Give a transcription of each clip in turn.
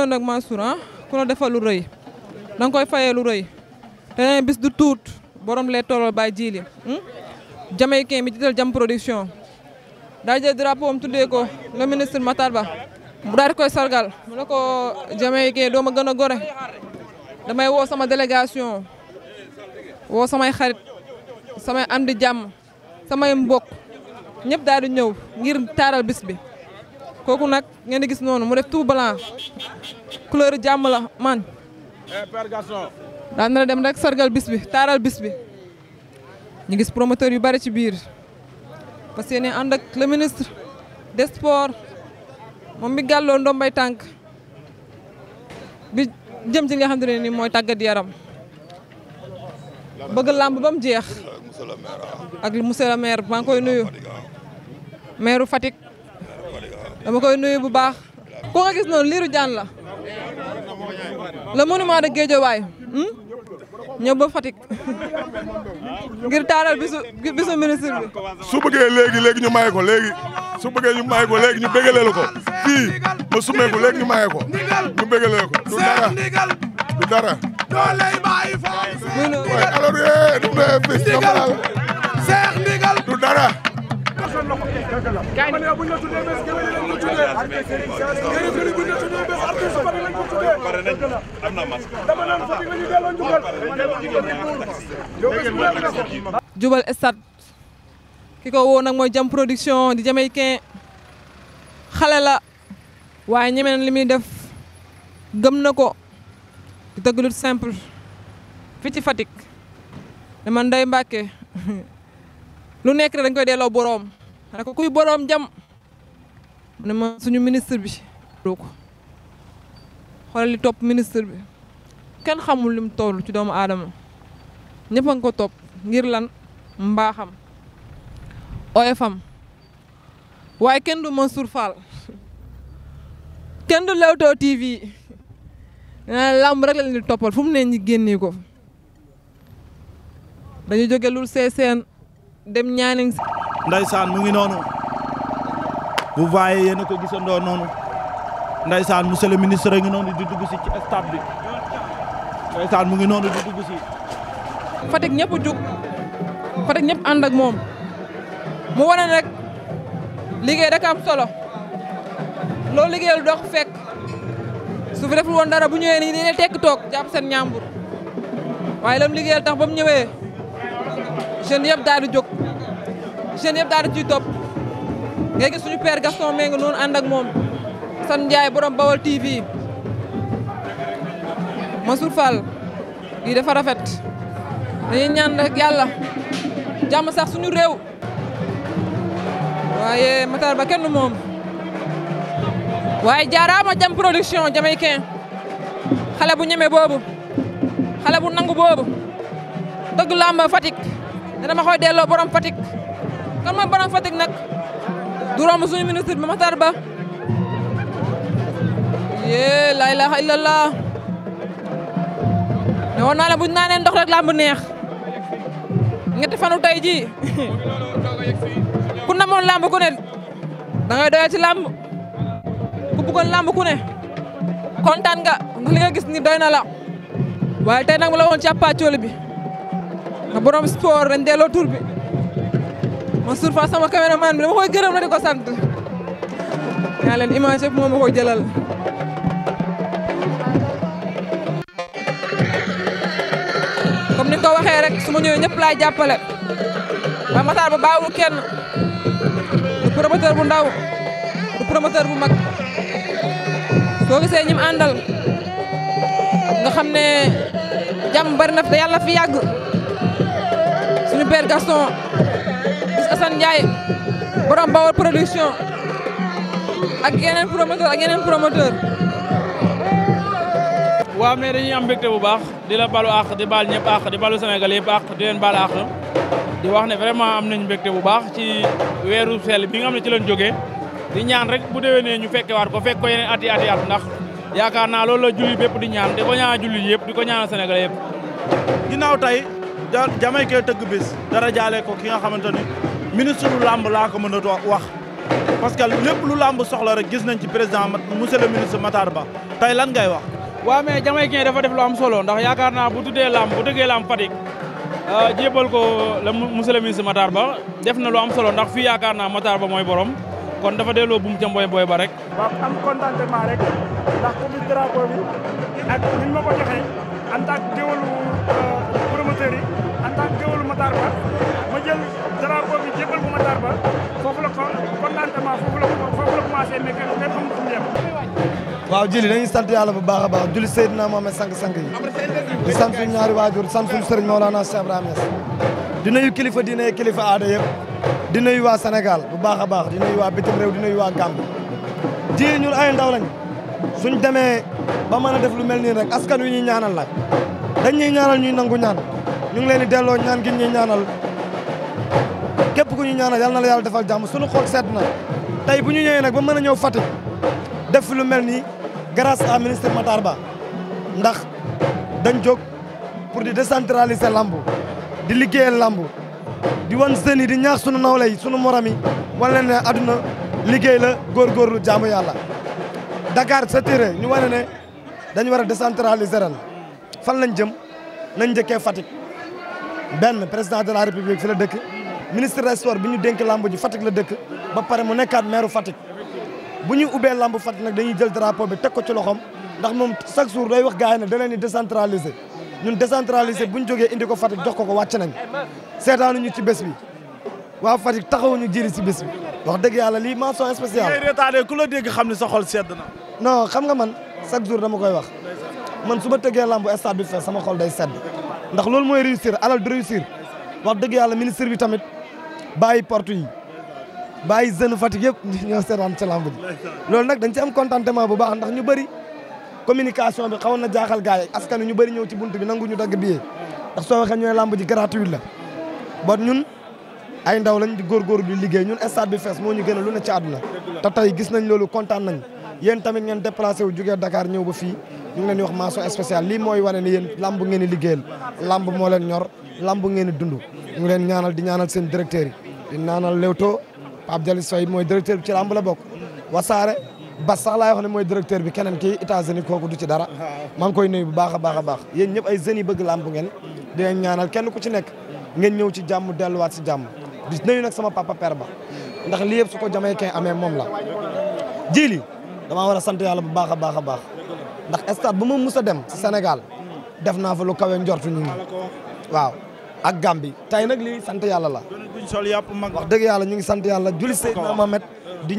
ñëw nag Mansour ah ku la defal lu rëy da nga koy fayee lu rëy te nee bis du tuut borom lay tolloo bàyyi jiili. Hmm? Jamaïcain bi jiital jam production daa jël drapeau am tuddee ko le ministre Matar Ba mu daal di koy sargal mu ne ko Jamaïcain doo ma gën a gore damay woo sama délégation woo samay xarit samay am di jàmm samay mbokk ñëpp daal di ñëw ngir taaral bis bi. kooku nag ngeen di gis noonu mu def tout blanc couleur jàmm la man eh, daan na dem rek sargal bis bi taaral bis bi ñu gis promoteur yu bari ci biir parce que yéen ànd ak le ministre des sports moom mi gàlloo ndombay tànk bi jëm ci nga xam ne nii mooy tàggat yaram bëgg làmb ba mu jeex ah. ak monsieur le maire maa ngi koy nuyu maire Fatick. dama ko nuyu bu baax ku gis noonu liiru jaan la le monument de Guédiawaye hmm? ñëw ba Fatick ngir taaral bisu bisu ministre bi. su bëggee ñu maye ko léegi su ñu maye ko léegi ñu bégaleel ko fii ma sumee ko léegi ñu maye ko ñu bégaleel ko du dara du dara. doo lay bàyyi fa. muy noonu waaye alors yee eh, du ne fii jubal stade ki ko woo nag mooy jam production di jamaïcain xale la waaye ñeme na li muy def gëm na ko di tëgg lu simple fii ci Fatick dama Ndeye Mbacke lu nekk rek dañ koy delloo boroom ma ne ko kuy boroom jam mu ne ma suñu ministre bi doo ko li topp ministre bi kenn xamul lim toll ci doomu aadama ñëpp a ngi ko topp ngir lan mbaaxam fam waaye kenn du Mansour Fall kenn du Leewtoo TV làmb rek lañu toppal fu mu ne ñi génnee ko dañu jóge lu seeseen dem ñaaning saan mu ngi noonu vous voyez yéen a ko gisandoo noonu ndaysaan monsieur le ministre a ngi noonu di dugg si ci stade bi ndaysaan mu ngi noonu di dugg si. Fatick ñëpp jug Fatick ñëpp ànd ak moom mu wane rek liggéey rek am solo loolu liggéeyal dox fekk su fi deful woon dara bu ñëwee nii dañuy tekki toog jàpp seen ñaambur waaye lam liggéeyal tax ba mu ñëwee jeunes yëpp daal di jóg. jeunes yëpp daal di ciy topp nga gis suñu père Gaston Mbengue noonu ànd ak moom San Ndiaye borom Bawol TV Mansour Fall lii dafa rafet dañuy ñaan yàlla jàmm sax suñu réew waaye Matar Ba kenn moom waaye jaaraama jam production jamaïcain xale bu ñeme boobu xale bu nangu boobu dëgg làmb fatik dana ma koy delloo borom Fatick kan mooy borom nag du romb suñu ministre bi Matar Ba yee laa ilaaha illallah ne woon la bu ñu naanee ndox rek neex ñetti fanu tey ji ku namoon làmb ku ne da ngay doyal ci làmb ku bëggoon làmb ku ne kontaan nga ndax li nga gis ni doy waaye tey nag mu la woon ci àppaacool bi nga borom sport dañ delloo bi Mansour Fall sama caméraman bi dama koy gërëm na di ko sant yaa leen image yëpp moom ma koy jëlal comme ni nga waxee rek su ma ñëwee ñëpp laay jàppale ba Matar ba baawul kenn du promoteur bu ndaw du promoteur bu mag soo gisee ñim àndal nga xam ne jàmm bari na fi te yàlla fi yàgg suñu père Gaston Assane Ndiaye borom Bawol production ak yeneen promoteur ak yeneen promoteur waaw mais dañuy am mbégte bu baax di la balu àq di baal ñëpp àq di balu Sénégal yëpp àq di leen baal àq di wax ne vraiment am nañ mbégte bu baax ci weeru sel bi nga xam ne ci lañ jógee di ñaan rek bu déwénee ñu fekke waat ko fekk ko yeneen at yi at yi ndax yaakaar naa lool la julli bépp di ñaan di ko ñaan julli yëpp di ko ñaan Sénégal yëpp ginnaaw tey ja jamay tëgg bis dara jaale ko ki nga xamante ni ministre lu làmb laa ko mën a wax parce que lépp lu làmb soxla rek gis nañ ci président monsieur le ministre Matar Ba tey lan ngay wax. waaw mais ki dafa def lu am solo ndax yaakaar naa bu tuddee làmb bu tëggee làmb Fatick euh, jébal ko le monsieur le ministre Matar Ba def na lu am solo ndax fi yaakaar naa Matar Ba mooy borom kon dafa delloo bu mu ca mboy boy ba rek. waaw am contentement rek ndax ku gis drapeau bi ak ni ma ko joxee en waaw jëli dañuy sant yàlla bu baax a baax julli Seydina Mohamed sang-sang yi di sant suñu ñaari waajur sant suñu sëriñ Mawlana Cheikh Ibrahima di nuyu kilifa diine yi kilifa aada yëpp di nuyu waa Sénégal bu baax a baax di nuyu waa bitim réew di nuyu waa ñun ay ndaw lañ suñ demee ba mën def lu mel nii rek askan wi ñuy ñaanal la dañ ñuy ñaanal ñuy nangu ñaan ñu ngi leen di delloo ñaan gi ñuy ñaanal képp ku ñu ñaanal yàlla na la yàlla defal jàmm suñu xool sedd na tey bu ñu ñëwee nag ba mën a ñëw Fatick def lu mel nii grâce à ministre Matar Ba ndax dañ jóg pour di décentraliser lamb di liggéeyal lamb di wan seen yi di ñaax sunu nawle yi sunu morom yi wane ne aduna liggéey la góorgóorlu jaamu yàlla. dakaar sa tiré ñu wane ne dañu war a décentraliser ren fan lañ jëm nañ njëkkee Fatick benn président de la république fi la dëkk. ministre des sports bi ñu dénk lamb ji Fatick la dëkk ba pare mu nekkaat maire Fatick bu ñu ubbee lamb Fatick nag dañuy jël drapo bi teg ko ci loxoom ndax moom chaque jour day wax gars yi ne da leen di ñun décentraliser bu ñu jógee indi ko Fatick jox ko ko wàcc nañ ñu ci bés bi waa Fatick taxawuñu jiri si bés bi wax dëgg yàlla lii mention spéciale. ngay retardé ku la dégg xam ne sa xol sedd na. non xam man chaque jour dama koy wax man su ma tëggee lamb stade sama xol day sedd ndax loolu mooy réussir alal du réussir wax dëgg yàlla ministre bi tamit. bàyyi portu yi bàyyi jeune Fatick yëpp ñoo seetaan ci lamb ji loolu nag dañ ci am contentement bu baax ndax ñu bari communication bi xawoon na jaaxal gars yi askan ñu bëri ñëw ci bunt bi nangu ñu dagg billet ndax soo waxee ñu ne lamb ji gratuit la bon ñun ay ndaw lañ di góorgóorlu di liggéey ñun stade bi fees moo ñu gën a lu ne ci àdduna te tey gis nañ loolu kontaan nañ yéen tamit ngeen déplacé wu jugee Dakar ñëw ba fii ñu ngi leen di wax mention spéciale li mooy wane ni yéen lamb ngeen di liggéeyal lamb moo leen ñor lamb ngeen di dund ñu ngi leen ñaanal di ñaanal seen directeur yi di ñaanal Leewtoo Pape Dialis Faye mooy directeur bi ci lamb la bokk wasaare bas sax laay wax ne mooy directeur bi keneen kii États-Unis kooku du ci dara maa ngi koy nuyu bu baax a baax a baax yéen ñëpp ay jeunes yi lambu lamb ngeen di leen ñaanal kenn ku ci nekk ngeen ñëw ci jàmm delluwaat si jàmm di nuyu nag sama papa père ba ndax lii yëpp su ko Jamaïcain amee moom la jii li damaa war sant yàlla bu baax a baax a baax ndax stade bu ma mus a dem si Sénégal def naa fa lu kawe njortu ñu waaw ak Gambie tey nag lii sant yàlla la wax dëgg yàlla ñu ngi sant yàlla julli Seydina Mohamed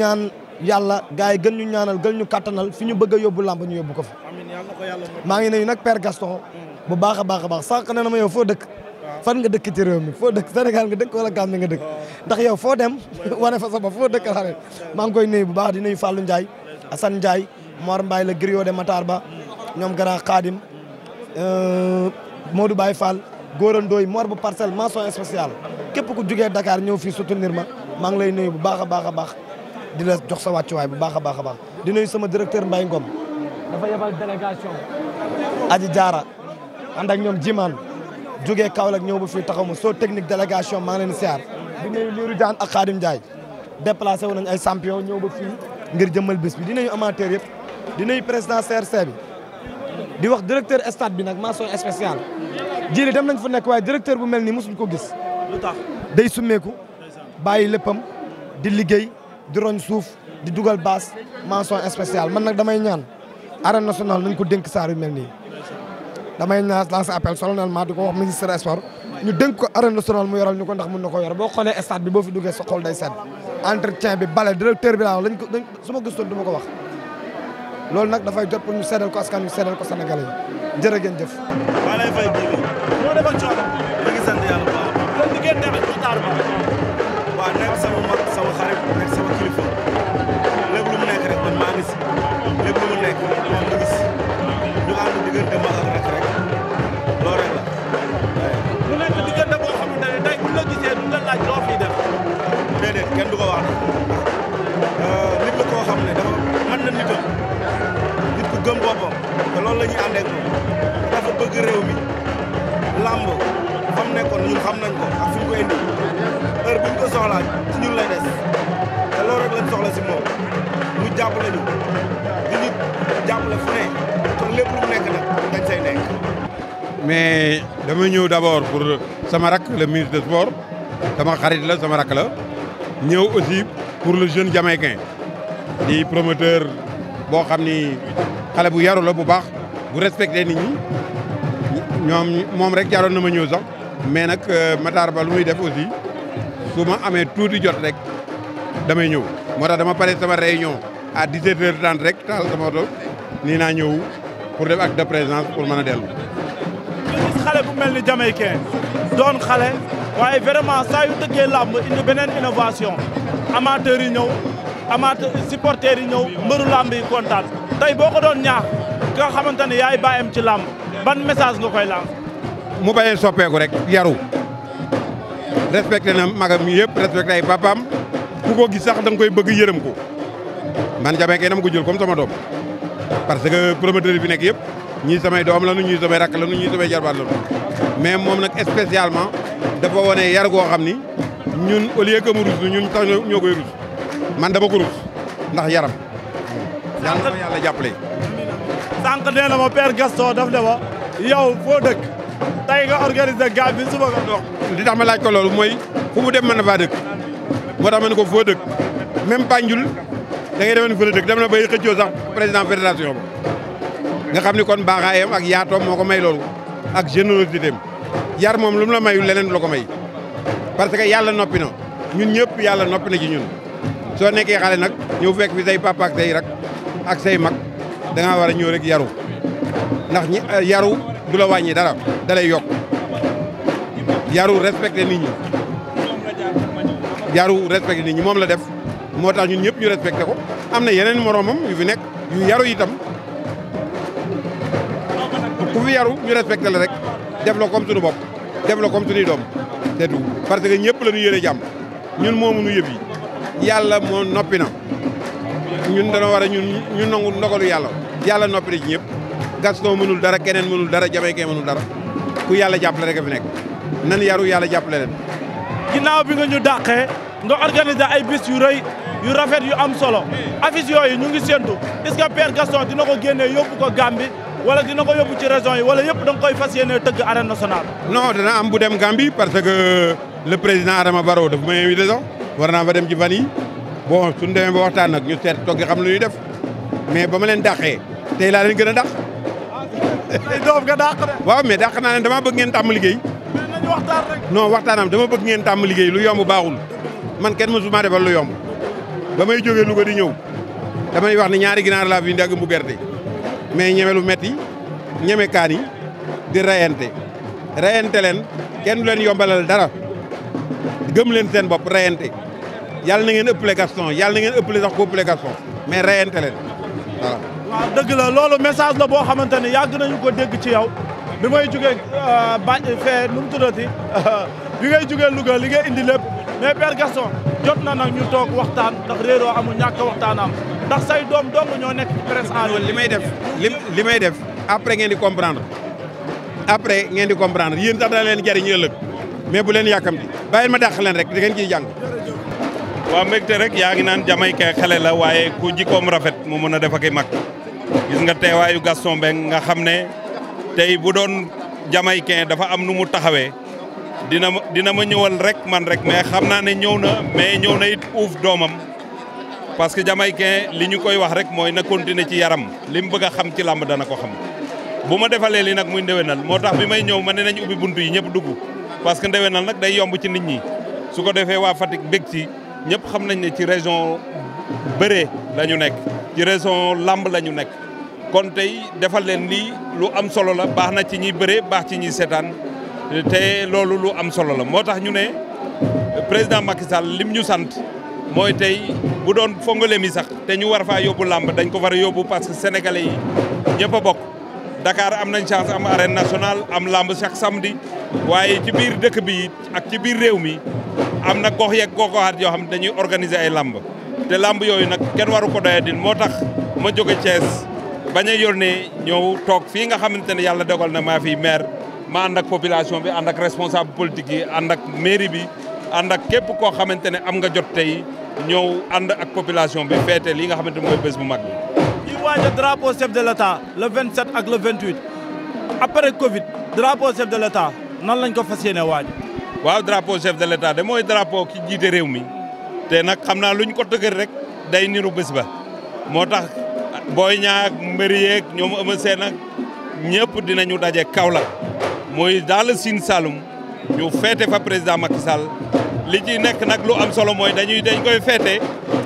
ñaan yàlla gars yi gën ñu ñaanal gën ñu kattanal fi bëgg yóbbu làmb ñu yóbbu ko fa maa ngi nuyu nag Père bu baax a baax a baax sànq ne ma foo dëkk fan nga dëkk ci réew mi foo dëkk Sénégal nga dëkk wala Gambie nga dëkk ndax yow foo dem wane fa sa bopp foo dëkk laa maa ngi koy nuyu bu baax di nuyu Fallou Ndiaye Assane Ndiaye Mor Mbaye la griot de Matar Ba ñoom moo grand baay euh, Modou Baye Fall góorandooy Mor bu parcelle mention spéciale képp ku jugee dakaar ñëw fii soutenir ma maa ngi lay nuyu bu baax a baax a baax di la jox sa wàccuwaay bu baax a baax a baax di nuyu sama directeur Mbaye Ngom. dafa yebal délégation. aji jaara ànd ak ñoom jimaan jugee Kaolack ñëw ba fii taxaw ma soo technique délégation maa ngi leen di siyaar di nuyu Lirou Diane ak Khadim Ndiaye déplacé wu nañ ay champion ñëw ba fii ngir jëmmal bés bi di amateur yëpp. di nuyu président CRC bi di wax directeur stade bi nag mention spéciale jili dem nañ fu nekk waaye directeur bu mel nii mosuñ ko gis day summeeku bàyyi léppam di liggéey di roñ suuf di dugal baas mention spéciale man nag damay ñaan arène nationale nañ ko dénk saar yu mel nii damay ñaan lancer appel solennellement di ko wax ministre sport ñu dénk ko arène nationale mu yoral ñu ko ndax mun na ko yor boo xoolee stade bi boo fi duggee sa xol day sedd entretien bi bale directeur bi laa lañ ko su ma gëstoon du ko wax loolu nag dafay jot pour ñu ko askan wi seedal ko Sénégalais yi jërë ngeen jëf. maa lay fay jiw bi moo defoon coono. ma ngi sant yàlla bu baax. loolu liggéey neexal waxtaan bi. waaw mais dama ñëw d' abord pour sama rak le ministre de sport sama xarit la sama rak la ñëw aussi pour le jeune jamaïcain di promoteur boo xam ni xale bu yaru la bu baax bu respecté nit ñi ñoom moom rek jaroon na ma ñëw sax mais nag euh, Matar Ba lu muy def aussi su ma amee tuuti jot rek damay ñëw moo tax dama pare sama réunion à 17 h rek taal sama oto nii naa ñëw pour def ak de présence pour mën a dellu xale bu mel ni jamaïcain doon xale waaye vraiment saa yu tëggee làmb indi beneen innovation amateur yi ñëw amateur supporters yi ñëw mbëru làmb yi kontaan tey boo ko doon ñaax ki nga ne yaay bàyyam ci làmb ban message nga koy làmb mu bayee soppeeku rek yaru respecté na magam yëpp respecté ay papaam ku ko gis sax koy bëgg yërëm ko man jamaïcain dama ko jël kom sama parce que promoteur bi fi nekk yëpp ñii samay doom la nu ñii samay rakk la nu ñii samay jarbaat la mais moom nag spécialement dafa wone yar goo xam ni ñun au lieu que mu rus ñun tax ñoo koy rus man dama ko rus ndax yaram. yàlla na ma yàlla jàppale. sànq nee na ma père Gaston daf ne yow foo dëkk tey nga organiser gaal bi suba nga dox. li tax ma laaj ko loolu mooy fu mu dem mën na faa dëkk moo tax ma ne ko foo dëkk même Banjul da ngay demoon fële dëkk dem na bay xëccoo sax président fédération ba. nga xam ni kon baaxaayam ak yaatoom moo ko may loolu ak générosité am yar moom lu mu la mayul leneen la ko may parce que yàlla noppi na ñun ñëpp yàlla noppi na ci ñun soo nekkee xale nag ñëw fekk fi say papa ak say rak ak say mag da war a ñëw rek yaru ndax ñi eh, yaru du la wàññi dara da lay yokk yaru respecté nit ñi yaru respecté nit ñi moom la def moo tax ñun ñëpp ñu respecté ko am na yeneen moromam yu fi nekk yu yaru itam ku fi yaru ñu respecté rek def la comme suñu bopp def la comme suñuy doom c'est tout parce que ñëpp la ñu yéene jàmm ñun moomu nu yëf yi yàlla moo noppi na ñun dana war a ñun ñu nangu ndogalu yàlla yàlla noppi na ci ñëpp Gaston mënul dara keneen mënul dara Jamaïcain mënul dara ku yàlla jàppale rek a fi yaru yàlla jàppale leen. ginnaaw bi nga ñu dàqee nga organiser ay bis yu rëy yu rafet yu am solo affiche yooyu ñu ngi séntu est Gaston dina ko génnee yóbbu ko Gambie wala dina ko yóbbu ci régions yi wala yëpp da nga koy fas yéene tëgg arène nationale. non dana am bu dem Gambie parce que le président Adama Barrow daf ma invité sax war naa fa dem ci fan yi bon suñu demee ba waxtaan nag ñu seet toog xam lu ñuy def mais ba ma leen dàqee tey laa leen gën a dàq. tey doof nga dàq de. waaw mais dàq naa leen dama bëgg ngeen tàmm liggéey. mais waxtaan rek. waxtaanam dama bëgg ngeen tàmm liggéey lu yomb baaxul man kenn mësuma defal lu yomb ba may jógee Louga di ñëw damay wax ne ñaari ginaar laa fi ndàgg gerte mais ñeme meti metti ñeme kaan di reyante reyante leen kenn leen yombalal dara gëm leen seen bopp reyante yàlla na ngeen ëppale Gaston yàlla ngeen ëppale sax ko ëppale Gaston mais reyante leen voilà. dëgg la loolu message la boo xamante ne yàgg nañu ko dégg ci yow bi may jugee euh, ba fee nu mu tuddati bi ngay jugee Louga li ngay indi lépp mais Père Gaston jot na nag ñu waxtaan ndax réeroo amul ñàkk waxtaan ndax say doom dong ñoo nekk presse en ligne. li may def li may def après ngeen di comprendre après ngeen di comprendre yéen sax leen jariñ ëllëg mais bu leen yàkkamti bàyyi ma dàq leen rek da ngeen ciy jàng. waaw rek yaa ngi naan Jamaïcain xale la waaye ku jikkoom rafet mu mën a def ak gis nga teewaayu Gaston Mbengue nga xam ne tey bu doon Jamaïcain dafa am nu mu taxawee dina ma dina ma ñëwal rek man rek mais xam naa ne ñëw na mais ñëw na uuf doomam. parce que jamaïcain li ñu koy wax rek mooy na continuer ci yaram li mu bëgg a xam ci làmb dana ko xam bu ma defalee li nag muy ndewenal moo tax bi may ñëw ma ne nañ ubbi bunt yi ñëpp dugg parce que ndewenal nag day yomb ci nit ñi su ko defee waa Fatick bég ci ñëpp xam nañ ne ci région bëree la nekk ci région làmb la ñu nekk kon tey defal leen lii lu am solo la baax na ci ñi bëree baax ci ñi seetaan te loolu lu am solo la moo tax ñu ne président Macky lim ñu sant mooy tey bu doon fongale mi sax te ñu war faa yóbbu làmb dañ ko war a yóbbu parce que sénégalais yi ñëpp a bokk. dakaar am nañ chance am arène nationale am làmb chaque samedi waaye ci biir dëkk bi ak ci biir réew mi am na gox yeeg goxaat yoo xam ne dañuy organiser ay làmb te làmb yooyu nag kenn waru ko doyadil moo tax ma jóge Thiès. bañ a yónnee ñëw toog fii nga xamante ne yàlla dogal na maa fi maire ma ànd ak population bi ànd ak responsable politique ànd ak mairie bi ànd ak képp koo xamante ne am nga jot tey ñëw ànd ak population bi feete li nga xamante mooy bés mu mag bi. ñuy waaj a drapeau chef de l' état vingt 27 ak le 28 après Covid drapeau chef de l' nan lañ ko fas yéene waaj. waaw drapeau chef de l' de mooy drapeau ki jiite réew mi te nag xam naa luñ ko tëgër rek day niru bés ba moo tax booy ñaak mbër yeeg ñoom Eumeu Sène ak ñëpp ñu daje Kaolack mooy dans le Sine Saloum ñu feete fa président Macky Sall. li ci nekk nag lu am solo mooy dañuy dañ koy feete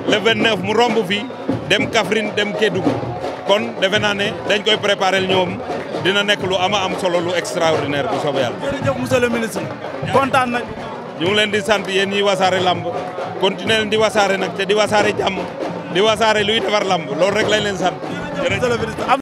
le 29 mu romb fii dem Kaffrine dem Kédougou kon defe naa ne dañ koy préparer ñoom dina nekk lu ama am solo lu extraordinaire bu soobee yàlla. jërëjëf monsieur le ministre kontaan nañ. ñu ngi leen di sant yéen ñiy wasaare lamb continuer leen di wasaare nag te di wasaare jàmm di wasaare luy defar lamb loolu rek lañ leen sant.